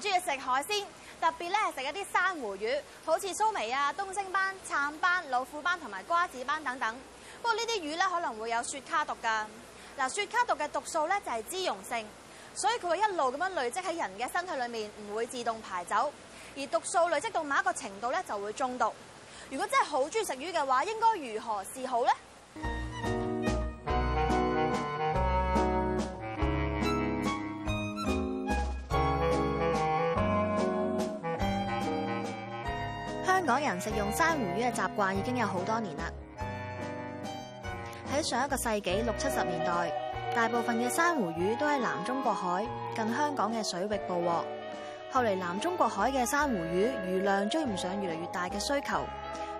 中意食海鮮，特別咧係食一啲珊瑚魚，好似蘇眉啊、東星斑、杉斑、老虎斑同埋瓜子斑等等。不過呢啲魚咧可能會有雪卡毒㗎。嗱，雪卡毒嘅毒素咧就係脂溶性，所以佢會一路咁樣累積喺人嘅身體裏面，唔會自動排走。而毒素累積到某一個程度咧就會中毒。如果真係好中意食魚嘅話，應該如何是好咧？食用珊瑚魚嘅習慣已經有好多年啦。喺上一個世紀六七十年代，大部分嘅珊瑚魚都喺南中國海近香港嘅水域捕獲。後嚟南中國海嘅珊瑚魚魚量追唔上越嚟越大嘅需求，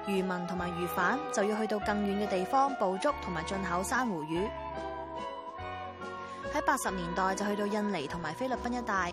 漁民同埋魚販就要去到更遠嘅地方捕捉同埋進口珊瑚魚。喺八十年代就去到印尼同埋菲律賓一帶。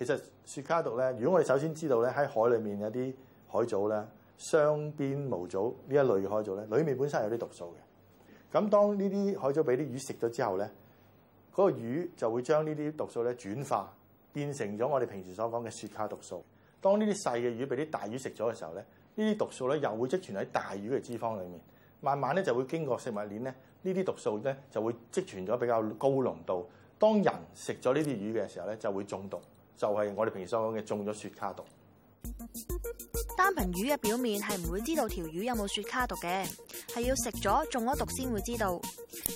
其實雪卡毒咧，如果我哋首先知道咧，喺海裡面有啲海藻咧，雙邊毛藻呢一類嘅海藻咧，裡面本身有啲毒素嘅。咁當呢啲海藻俾啲魚食咗之後咧，嗰個魚就會將呢啲毒素咧轉化變成咗我哋平時所講嘅雪卡毒素。當呢啲細嘅魚俾啲大魚食咗嘅時候咧，呢啲毒素咧又會積存喺大魚嘅脂肪裡面，慢慢咧就會經過食物鏈咧，呢啲毒素咧就會積存咗比較高濃度。當人食咗呢啲魚嘅時候咧，就會中毒。就係我哋平時所講嘅中咗雪卡毒。單憑魚嘅表面係唔會知道條魚有冇雪卡毒嘅，係要食咗中咗毒先會知道。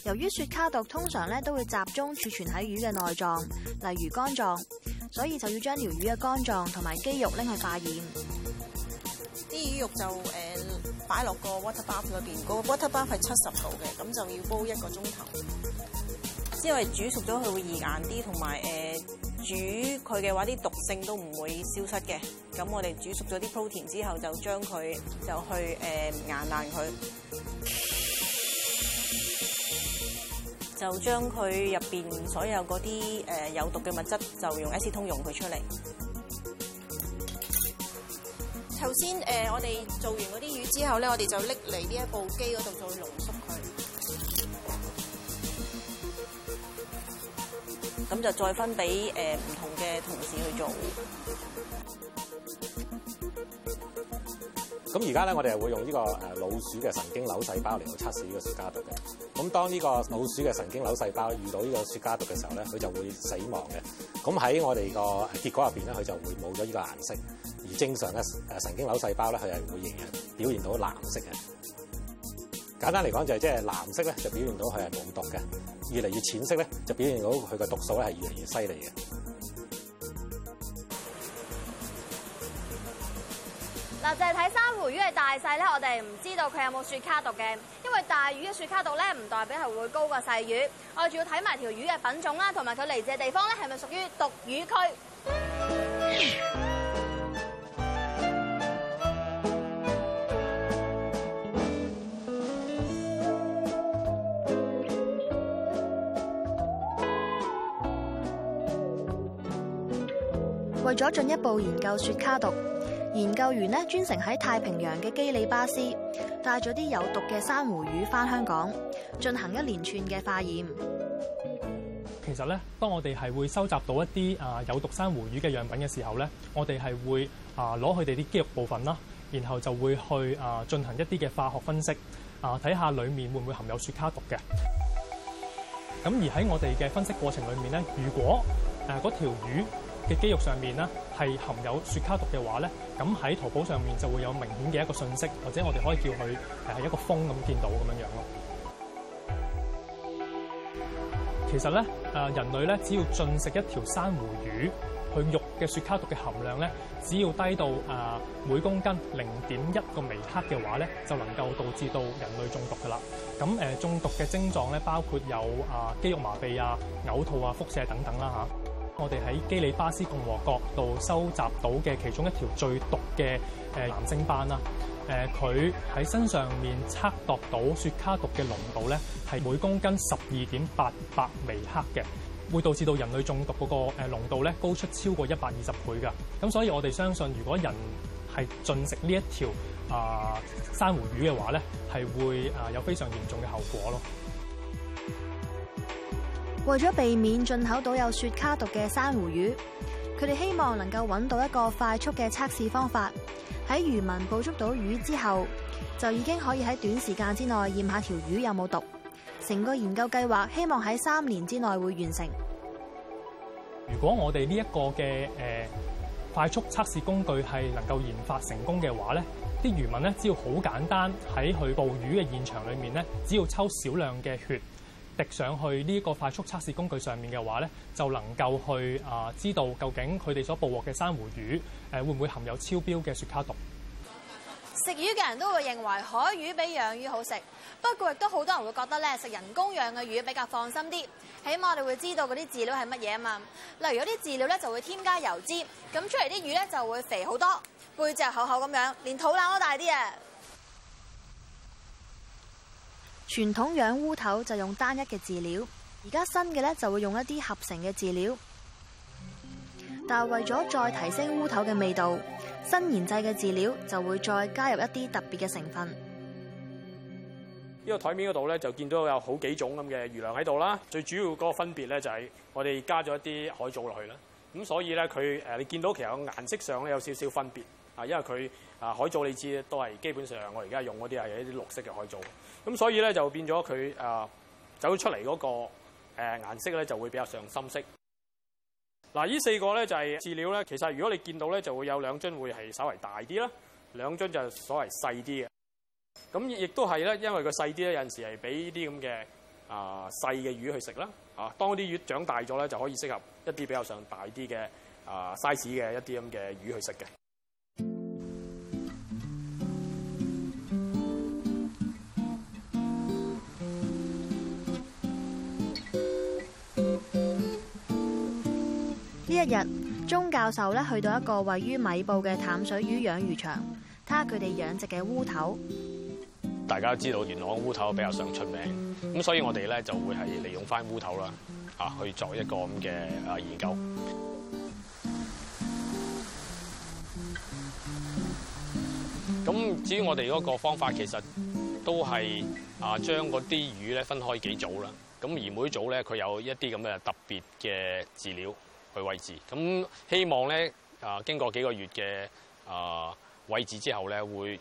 由於雪卡毒通常咧都會集中儲存喺魚嘅內臟，例如肝臟，所以就要將條魚嘅肝臟同埋肌肉拎去化驗。啲魚肉就誒擺落個 water bath 裏邊，個 water bath 係七十度嘅，咁就要煲一個鐘頭，因為煮熟咗佢會易硬啲，同埋誒。呃煮佢嘅話，啲毒性都唔會消失嘅。咁我哋煮熟咗啲 protein 之後，就將佢就去誒硬爛佢，就將佢入邊所有嗰啲誒有毒嘅物質，就用 S 通溶佢出嚟。頭先誒我哋做完嗰啲魚之後咧，我哋就拎嚟呢一部機嗰度做濃縮佢。咁就再分俾誒唔同嘅同事去做。咁而家咧，我哋係會用呢個誒老鼠嘅神經瘤細胞嚟到測試呢個雪卡毒嘅。咁當呢個老鼠嘅神經瘤細胞遇到呢個雪卡毒嘅時候咧，佢就會死亡嘅。咁喺我哋個結果入邊咧，佢就會冇咗呢個顏色。而正常嘅誒神經瘤細胞咧，佢係會形現表現到藍色嘅。簡單嚟講，就係即係藍色咧，就表現到佢係冇毒嘅。越嚟越淺色咧，就表現到佢個毒素咧係越嚟越犀利嘅。嗱，淨係睇珊瑚魚嘅大細咧，我哋唔知道佢有冇雪卡毒嘅，因為大魚嘅雪卡毒咧唔代表係會高過細魚，我哋仲要睇埋條魚嘅品種啦，同埋佢嚟自嘅地方咧，係咪屬於毒魚區？為咗進一步研究雪卡毒，研究員呢，專程喺太平洋嘅基里巴斯帶咗啲有毒嘅珊瑚魚翻香港，進行一連串嘅化驗。其實咧，當我哋係會收集到一啲啊有毒珊瑚魚嘅樣品嘅時候咧，我哋係會啊攞佢哋啲肌肉部分啦，然後就會去啊進行一啲嘅化學分析啊，睇下裏面會唔會含有雪卡毒嘅。咁而喺我哋嘅分析過程裏面咧，如果誒嗰條魚，嘅肌肉上面咧，係含有雪卡毒嘅話咧，咁喺淘寶上面就會有明顯嘅一個訊息，或者我哋可以叫佢誒係一個風咁見到咁樣樣咯。其實咧誒，人類咧只要進食一條珊瑚魚，佢肉嘅雪卡毒嘅含量咧，只要低到啊每公斤零點一個微克嘅話咧，就能夠導致到人類中毒噶啦。咁誒、呃、中毒嘅症狀咧，包括有啊肌肉麻痹啊、嘔吐啊、腹瀉等等啦、啊、嚇。我哋喺基里巴斯共和國度收集到嘅其中一條最毒嘅誒藍星斑啦，誒佢喺身上面測度到雪卡毒嘅濃度咧係每公斤十二點八百微克嘅，會導致到人類中毒嗰個誒濃度咧高出超過一百二十倍噶。咁所以我哋相信，如果人係進食呢一條啊珊瑚魚嘅話咧，係會啊有非常嚴重嘅後果咯。為咗避免進口到有雪卡毒嘅珊瑚魚，佢哋希望能夠揾到一個快速嘅測試方法，喺漁民捕捉到魚之後，就已經可以喺短時間之內驗下條魚有冇毒。成個研究計劃希望喺三年之內會完成。如果我哋呢一個嘅誒快速測試工具係能夠研發成功嘅話咧，啲漁民咧只要好簡單喺去捕魚嘅現場裏面咧，只要抽少量嘅血。滴上去呢一個快速測試工具上面嘅話咧，就能夠去啊、呃、知道究竟佢哋所捕獲嘅珊瑚魚誒、呃、會唔會含有超標嘅雪卡毒。食魚嘅人都會認為海魚比養魚好食，不過亦都好多人會覺得咧食人工養嘅魚比較放心啲，起碼你會知道嗰啲飼料係乜嘢啊嘛。例如有啲飼料咧就會添加油脂，咁出嚟啲魚咧就會肥好多，背脊厚厚咁樣，連肚腩都大啲啊！傳統養烏頭就用單一嘅飼料，而家新嘅咧就會用一啲合成嘅飼料。但係為咗再提升烏頭嘅味道，新研製嘅飼料就會再加入一啲特別嘅成分。呢個台面嗰度咧就見到有好幾種咁嘅魚糧喺度啦。最主要嗰個分別咧就係我哋加咗一啲海藻落去啦。咁所以咧佢，誒，你見到其實個顏色上咧有少少分別。啊，因為佢啊海藻，你知都係基本上我而家用嗰啲係一啲綠色嘅海藻的，咁所以咧就變咗佢啊走出嚟嗰個誒顏色咧就會比較上深色。嗱、啊，呢四個咧就係飼料咧。其實如果你見到咧就會有兩樽會係稍為大啲啦，兩樽就係所謂細啲嘅。咁亦都係咧，因為佢細啲咧有陣時係俾啲咁嘅啊細嘅魚去食啦。啊，當啲魚長大咗咧就可以適合一啲比較上大啲嘅啊 size 嘅一啲咁嘅魚去食嘅。一日，鍾教授咧去到一個位於米埔嘅淡水魚養魚場，睇下佢哋養殖嘅烏頭。大家都知道，元朗烏頭比較上出名，咁所以我哋咧就會係利用翻烏頭啦，啊，去作一個咁嘅啊研究。咁至於我哋嗰個方法，其實都係啊，將嗰啲魚咧分開幾組啦。咁而每組咧，佢有一啲咁嘅特別嘅飼料。佢位置咁希望咧，啊，經過幾個月嘅啊位置之後咧，會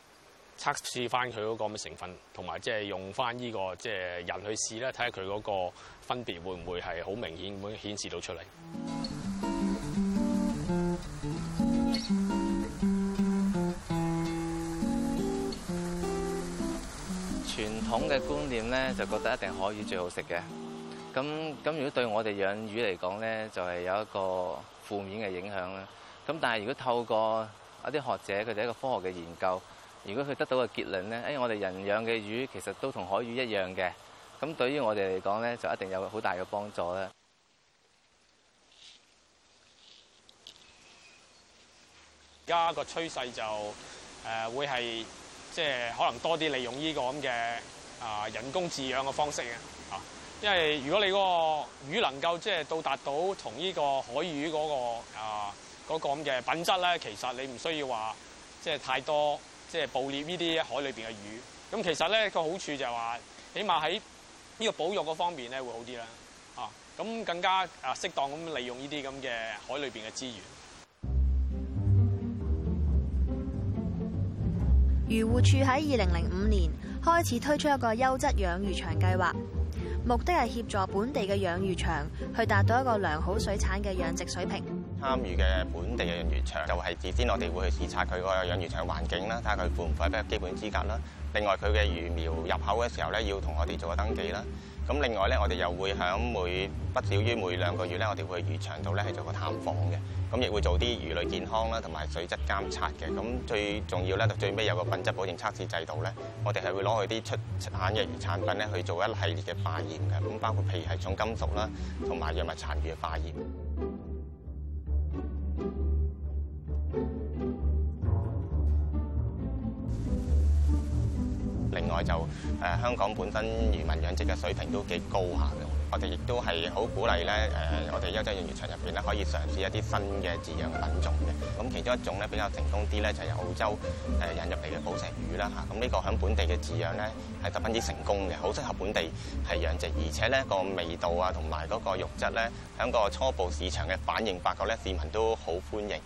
測試翻佢嗰個成分，同埋即係用翻呢個即係人去試咧，睇下佢嗰個分別會唔會係好明顯咁顯示到出嚟。傳統嘅觀念咧，就覺得一定可以最好食嘅。咁咁，如果對我哋養魚嚟講咧，就係有一個負面嘅影響啦。咁但係如果透過一啲學者佢哋一個科學嘅研究，如果佢得到嘅結論咧，誒我哋人養嘅魚其實都同海魚一樣嘅。咁對於我哋嚟講咧，就一定有好大嘅幫助啦。而家個趨勢就誒會係即係可能多啲利用呢個咁嘅啊人工飼養嘅方式嘅。因為如果你嗰個魚能夠即係到達到同呢個海魚嗰個啊嗰個咁嘅品質咧，其實你唔需要話即係太多即係捕獵呢啲海裏邊嘅魚。咁其實咧個好處就係話，起碼喺呢個保育嗰方面咧會好啲啦。啊，咁更加啊適當咁利用呢啲咁嘅海裏邊嘅資源。漁護署喺二零零五年開始推出一個優質養魚場計劃。目的係協助本地嘅養魚場去達到一個良好水產嘅養殖水平。參與嘅本地嘅養魚場，就係事先我哋會去視察佢個養魚場環境啦，睇下佢符唔符合基本資格啦。另外佢嘅魚苗入口嘅時候咧，要同我哋做個登記啦。咁另外咧，我哋又會響每不少於每兩個月咧，我哋會去魚場度咧係做個探訪嘅。咁亦會做啲魚類健康啦，同埋水質監測嘅。咁最重要咧，就最尾有個品質保證測試制度咧，我哋係會攞佢啲出產嘅魚產品咧去做一系列嘅化驗嘅。咁包括譬如係重金屬啦，同埋藥物殘餘嘅化驗。就誒、啊、香港本身漁民養殖嘅水平都幾高下嘅，我哋亦都係好鼓勵咧誒，我哋優質養魚場入邊咧可以嘗試一啲新嘅飼養品種嘅。咁其中一種咧比較成功啲咧，就係、是、澳洲誒、呃、引入嚟嘅寶石魚啦嚇。咁呢個喺本地嘅飼養咧係十分之成功嘅，好適合本地係養殖，而且咧、這個味道啊同埋嗰個肉質咧，喺個初步市場嘅反應，發覺咧市民都好歡迎。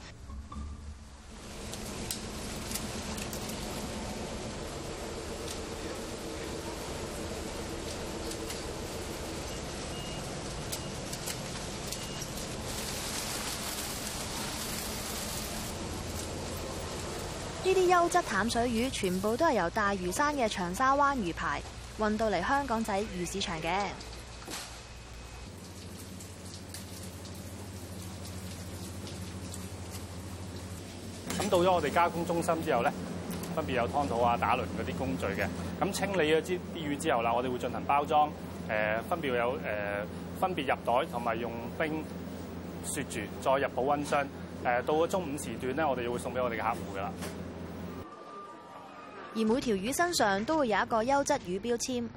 啲優質淡水魚全部都係由大嶼山嘅長沙灣魚排運到嚟香港仔魚市場嘅。咁到咗我哋加工中心之後咧，分別有湯土啊、打輪嗰啲工序嘅。咁清理咗啲啲魚之後啦，我哋會進行包裝，誒、呃，分別有誒、呃、分別入袋，同埋用冰雪住，再入保溫箱。誒、呃，到咗中午時段咧，我哋會送俾我哋嘅客戶噶啦。而每條魚身上都會有一個優質魚標籤，呢、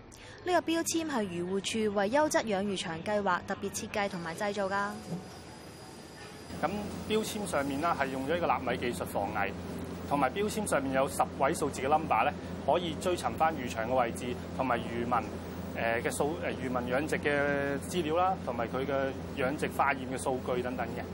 這個標籤係漁護處為優質養魚場計劃特別設計同埋製造噶。咁標籤上面呢，係用咗一個納米技術防偽，同埋標籤上面有十位數字嘅 number 咧，可以追尋翻漁場嘅位置，同埋漁民誒嘅數誒漁民養殖嘅資料啦，同埋佢嘅養殖化驗嘅數據等等嘅。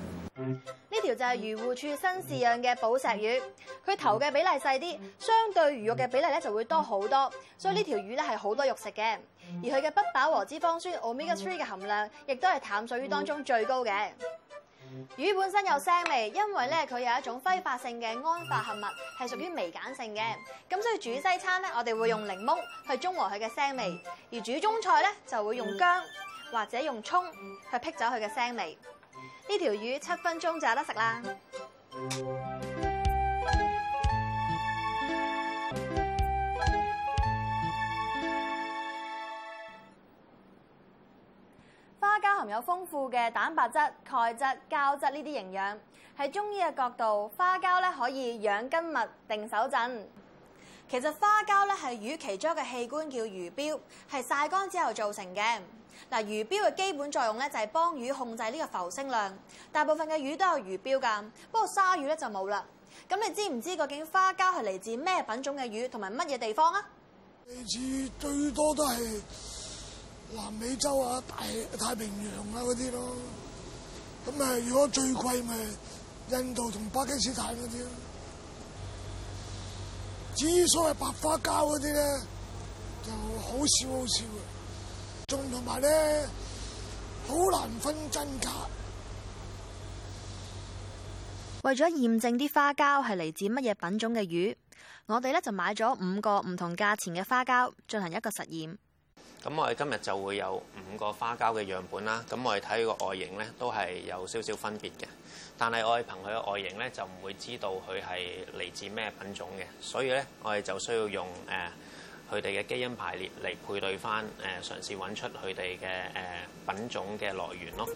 呢條就係漁護處新飼養嘅寶石魚，佢頭嘅比例細啲，相對魚肉嘅比例咧就會多好多，所以呢條魚咧係好多肉食嘅，而佢嘅不飽和脂肪酸 omega three 嘅含量，亦都係淡水魚當中最高嘅。魚本身有腥味，因為咧佢有一種揮發性嘅胺化合物，係屬於微鹼性嘅，咁所以煮西餐咧，我哋會用檸檬去中和佢嘅腥味，而煮中菜咧就會用薑或者用蔥去辟走佢嘅腥味。呢條魚七分鐘就有得食啦！花膠含有豐富嘅蛋白質、鈣質、膠質呢啲營養。喺中醫嘅角度，花膠咧可以養筋物、定手震。其實花膠咧係魚其中一個器官叫魚標，係曬乾之後造成嘅。嗱，魚標嘅基本作用咧就係幫魚控制呢個浮升量。大部分嘅魚都有魚標㗎，不過鯊魚咧就冇啦。咁你知唔知究竟花膠係嚟自咩品種嘅魚同埋乜嘢地方啊？嚟自最多都係南美洲啊、大太平洋啊嗰啲咯。咁誒，如果最貴咪印度同巴基斯坦嗰啲。至於所謂白花膠嗰啲呢就好少好少，仲同埋呢好難分真假。為咗驗證啲花膠係嚟自乜嘢品種嘅魚，我哋呢就買咗五個唔同價錢嘅花膠進行一個實驗。咁我哋今日就會有五個花膠嘅樣本啦。咁我哋睇佢個外形咧，都係有少少分別嘅。但係我哋憑佢嘅外形咧，就唔會知道佢係嚟自咩品種嘅。所以咧，我哋就需要用誒佢哋嘅基因排列嚟配對翻誒、呃，嘗試揾出佢哋嘅誒品種嘅來源咯。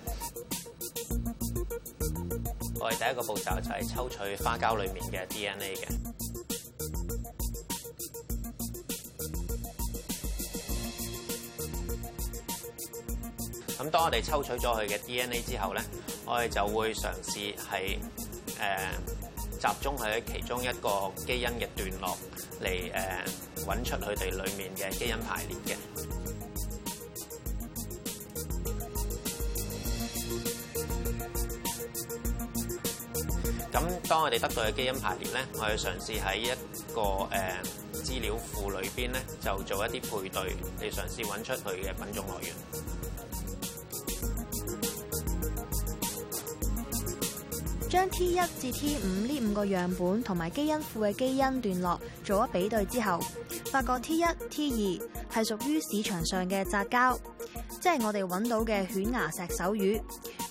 我哋第一個步驟就係抽取花膠裡面嘅 DNA 嘅。咁當我哋抽取咗佢嘅 DNA 之後咧，我哋就會嘗試係誒集中喺其中一個基因嘅段落嚟誒揾出佢哋裡面嘅基因排列嘅。咁當我哋得到嘅基因排列咧，我哋嘗試喺一個誒資料庫裏邊咧，就做一啲配對嚟嘗試揾出佢嘅品種來源。將 T 一至 T 五呢五個樣本同埋基因庫嘅基因段落做咗比對之後，發覺 T 一、T 二係屬於市場上嘅雜交，即係我哋揾到嘅犬牙石手魚，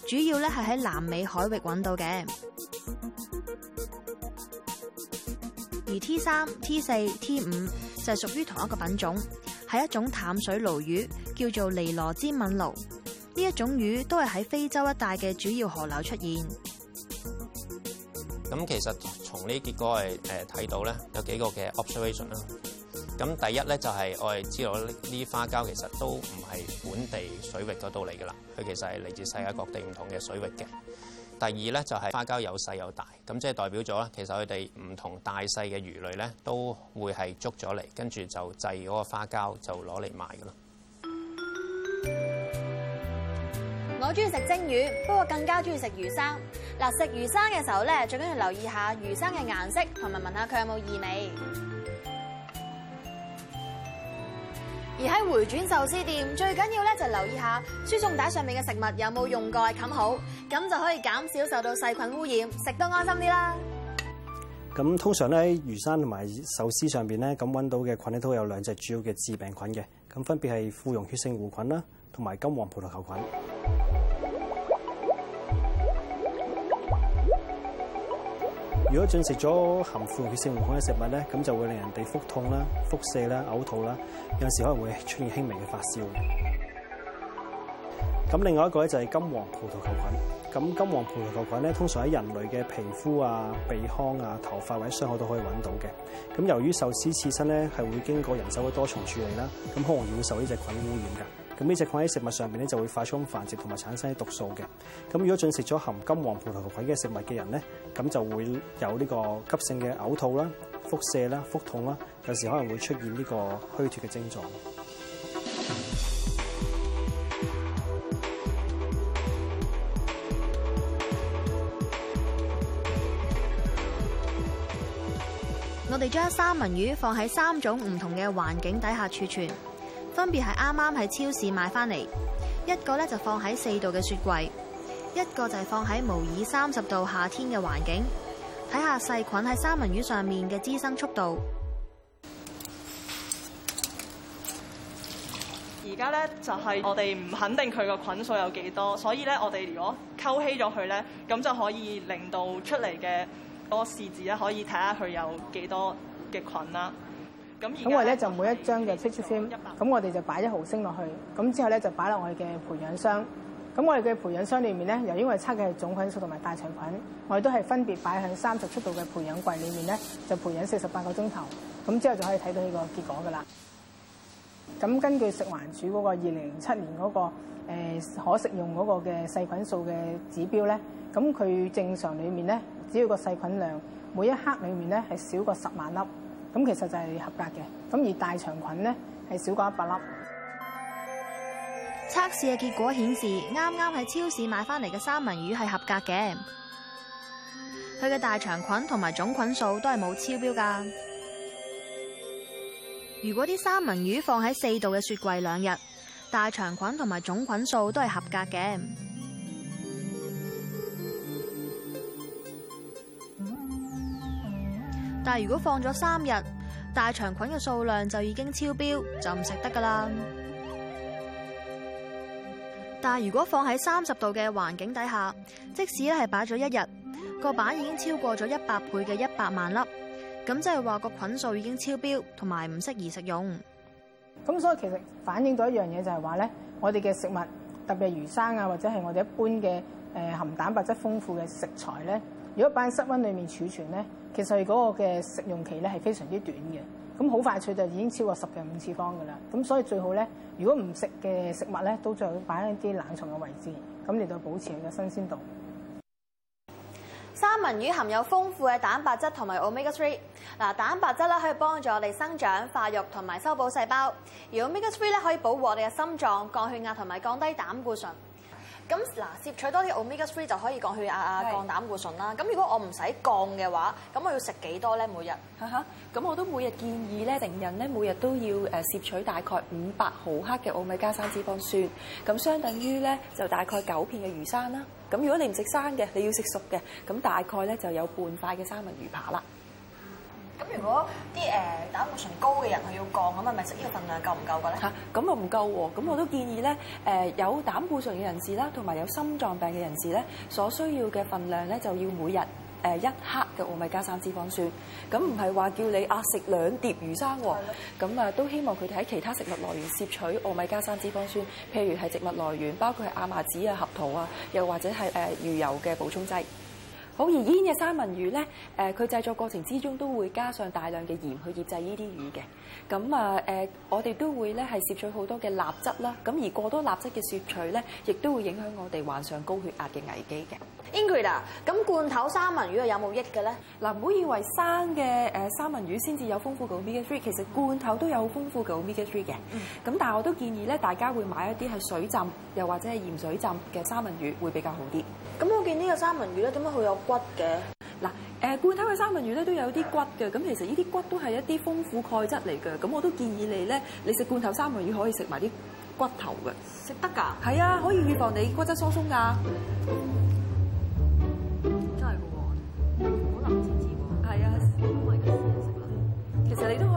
主要咧係喺南美海域揾到嘅。而 T 三、T 四、T 五就係屬於同一個品種，係一種淡水鱸魚，叫做尼羅尖吻鱸。呢一種魚都係喺非洲一帶嘅主要河流出現。咁其實從呢結果係誒睇到咧，有幾個嘅 observation 啦。咁第一咧就係、是、我哋知道呢啲花膠其實都唔係本地水域嗰度嚟㗎啦，佢其實係嚟自世界各地唔同嘅水域嘅。第二咧就係、是、花膠有細有大，咁即係代表咗其實佢哋唔同大細嘅魚類咧都會係捉咗嚟，跟住就製嗰個花膠就攞嚟賣㗎咯。我中意食蒸魚，不過更加中意食魚生嗱。食魚生嘅時候咧，最緊要留意一下魚生嘅顏色，同埋聞下佢有冇異味。而喺回轉壽司店，最緊要咧就留意一下輸送帶上面嘅食物有冇用蓋冚好，咁就可以減少受到細菌污染，食得安心啲啦。咁通常咧喺魚生同埋壽司上邊咧咁搵到嘅菌咧，都有兩隻主要嘅致病菌嘅，咁分別係副溶血性弧菌啦，同埋金黃葡萄球菌。如果進食咗含副血性球菌嘅食物咧，咁就會令人哋腹痛啦、腹瀉啦、嘔吐啦，有時可能會出現輕微嘅發燒。咁另外一個咧就係金黃葡萄球菌。咁金黃葡萄球菌咧通常喺人類嘅皮膚啊、鼻腔啊、頭髮或者傷口都可以揾到嘅。咁由於壽司刺，刺身咧係會經過人手嘅多重處理啦，咁可能也會受呢隻菌污染噶。咁呢隻菌喺食物上面咧就會快速繁殖同埋產生毒素嘅。咁如果進食咗含金黃葡萄球菌嘅食物嘅人咧，咁就會有呢個急性嘅嘔吐啦、腹瀉啦、腹痛啦，有時可能會出現呢個虛脱嘅症狀。我哋將三文魚放喺三種唔同嘅環境底下儲存。分別係啱啱喺超市買翻嚟，一個咧就放喺四度嘅雪櫃，一個就係放喺模擬三十度夏天嘅環境，睇下細菌喺三文魚上面嘅滋生速度。而家咧就係我哋唔肯定佢個菌數有幾多，所以咧我哋如果溝稀咗佢咧，咁就可以令到出嚟嘅個試紙咧可以睇下佢有幾多嘅菌啦。咁我哋咧就每一張嘅 petri film，咁我哋就擺一毫升落去，咁之後咧就擺落我哋嘅培養箱。咁我哋嘅培養箱裏面咧，又因為我測嘅係總菌數同埋大腸菌，我哋都係分別擺喺三十七度嘅培養櫃裏面咧，就培養四十八個鐘頭。咁之後就可以睇到呢個結果噶啦。咁根據食環署嗰個二零零七年嗰、嗰個、呃、可食用嗰個嘅細菌數嘅指標咧，咁佢正常裏面咧，只要個細菌量每一克裏面咧係少過十萬粒。咁其實就係合格嘅，咁而大腸菌呢，係少過一百粒。測試嘅結果顯示，啱啱喺超市買翻嚟嘅三文魚係合格嘅，佢嘅大腸菌同埋總菌數都係冇超標㗎。如果啲三文魚放喺四度嘅雪櫃兩日，大腸菌同埋總菌數都係合格嘅。但係如果放咗三日，大腸菌嘅數量就已經超標，就唔食得噶啦。但係如果放喺三十度嘅環境底下，即使咧係擺咗一日，個板已經超過咗一百倍嘅一百萬粒，咁即係話個菌數已經超標，同埋唔適宜食用。咁所以其實反映咗一樣嘢就係話咧，我哋嘅食物，特別係魚生啊，或者係我哋一般嘅誒含蛋白質豐富嘅食材咧。如果擺喺室溫裏面儲存咧，其實係嗰個嘅食用期咧係非常之短嘅，咁好快脆就已經超過十嘅五次方㗎喇。咁所以最好咧，如果唔食嘅食物咧，都最好擺喺啲冷藏嘅位置，咁嚟到保持佢嘅新鮮度。三文魚含有豐富嘅蛋白質同埋 omega three。嗱，蛋白質咧可以幫助我哋生長、化育同埋修補細胞。而 omega three 咧可以保護我哋嘅心臟、降血壓同埋降低膽固醇。咁嗱，攝取多啲 omega three 就可以降血壓、降膽固醇啦。咁是如果我唔使降嘅話，咁我要食幾多咧？每日？咁、uh huh. 我都每日建議咧，成人咧每日都要誒攝取大概五百毫克嘅 e 米加三奧米加三脂肪酸。咁相等於咧就大概九片嘅魚生啦。咁如果你唔食生嘅，你要食熟嘅，咁大概咧就有半塊嘅三文魚扒啦。如果啲誒膽固醇高嘅人係要降咁啊，咪食呢個份量夠唔夠嘅咧？嚇，咁啊唔夠喎！咁我都建議咧，誒、呃、有膽固醇嘅人士啦，同埋有，有心臟病嘅人士咧，所需要嘅份量咧就要每日誒、呃、一克嘅奧米加三脂肪酸。咁唔係話叫你壓食、啊、兩碟魚生喎。咁的啊，都希望佢哋喺其他食物來源攝取奧米加三脂肪酸，譬如係植物來源，包括係亞麻籽啊、核桃啊，又或者係誒、呃、魚油嘅補充劑。好，而煙嘅三文魚咧，誒佢製作過程之中都會加上大量嘅鹽去醃製呢啲魚嘅，咁啊誒我哋都會咧係攝取好多嘅鈉質啦，咁而過多鈉質嘅攝取咧，亦都會影響我哋患上高血壓嘅危機嘅。Ingrid，a 咁罐頭三文魚有冇益嘅咧？嗱唔好以為生嘅誒三文魚先至有豐富嘅 omega three，其實罐頭都有好豐富嘅 omega three 嘅。嗯。咁但係我都建議咧，大家會買一啲係水浸又或者係鹽水浸嘅三文魚會比較好啲。咁我見呢個三文魚咧，點解佢有骨嘅？嗱，誒罐頭嘅三文魚咧都有啲骨嘅，咁其實呢啲骨都係一啲豐富鈣質嚟嘅，咁我都建議你咧，你食罐頭三文魚可以食埋啲骨頭嘅，食得㗎？係啊，可以預防你骨質疏鬆㗎。真係嘅喎，好能子志喎。係啊，因為嘅嘢食啦，其實你都。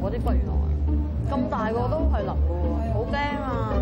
嗰啲骨原來咁大個都係淋嘅，好驚啊！